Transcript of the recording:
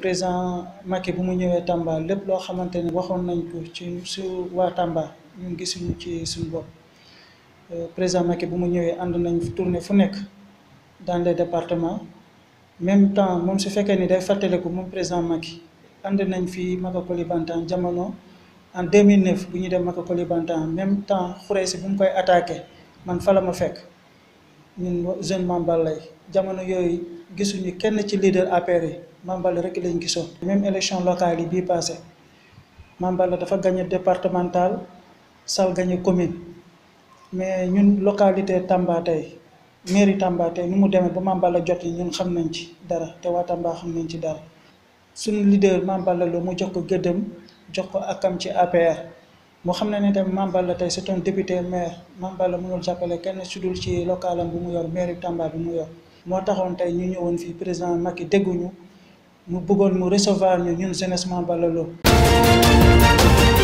président Macky bu mu ñëwee Tamba lépp loo xamante ni waxoon nañ ko ci su waa Tamba ñun gisuñu ci suñu bopp euh, présent Macky bu mu ñëwee ànd nañ tournée fu nekk dans les départements même temps moom su fekkee ni day fàttaliku moom présent Macky ànd nañ fii Makakoli Bantan jamono en 2009 bu ñu dem Makakoli Bantan même temps si bu mu koy attaquer man fa ma fekk ñun jeune membre lay jamono yooyu gisuñu kenn ci leader APR Mame Balla rek lañ gisoon. même élection locale yi bii passé Mame Balla dafa gagné départemental Sall gagné commune mais ñun localité Tamba tey mairie Tamba nu mu demee ba Mame Balla jot yi ñun xam nañ ci dara te waa Tamba xam nañ ci dara suñu leader Mame Balla Lo mu jox ko gëddëm jox ko akam ci APR. moo xam ne ne tamit Mame Balla tey c'est un député maire Mame Balla mënul jàppale kenn su dul ci localam bu mu yor mairie Tamba bi mu yor moo taxoon tey ñu ñëwoon fii président Macky dégguñu mu bëggoon mu recevoir ñu ñun jeunesse Mame Balla Lo